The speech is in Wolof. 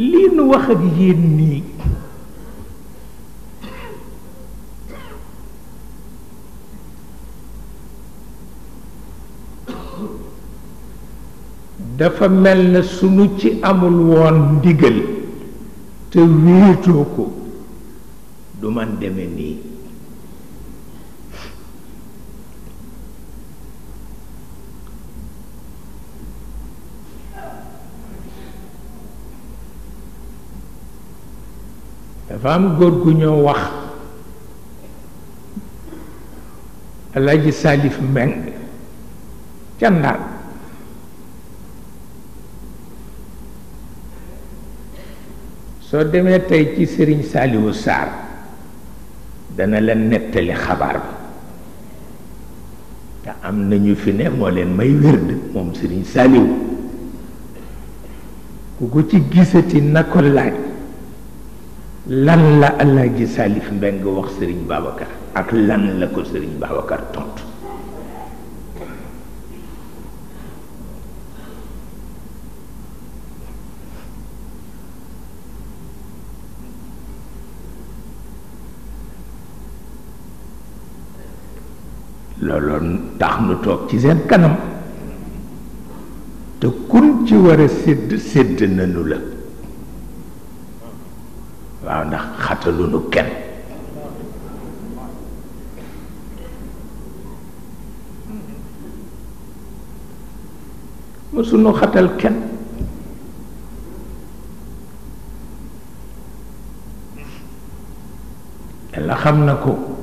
lii nu wax ak yéen nii dafa mel na sunu ci amul woon ndigal te wéetoo ko du man deme nii dafa am góor gu ñoo wax Alaaji Salif Mbeng ca soo demee tey ci Sëriñ Saaliwu Saar dana la nettali xabaar bi te am na ñu fi ne moo leen may wérd moom Sëriñ Saaliwu ku ko ci gisati na ko laaj lan la Alaaji Salif Mbeng wax Sëriñ Babacar ak lan la ko Sëriñ Babacar tontu looloon tax nu toog ci seen kanam te kun ci war a sédd sédd nanu la waaw ndax xatalunu kenn mësunu xatal kenn yàlla xam na ko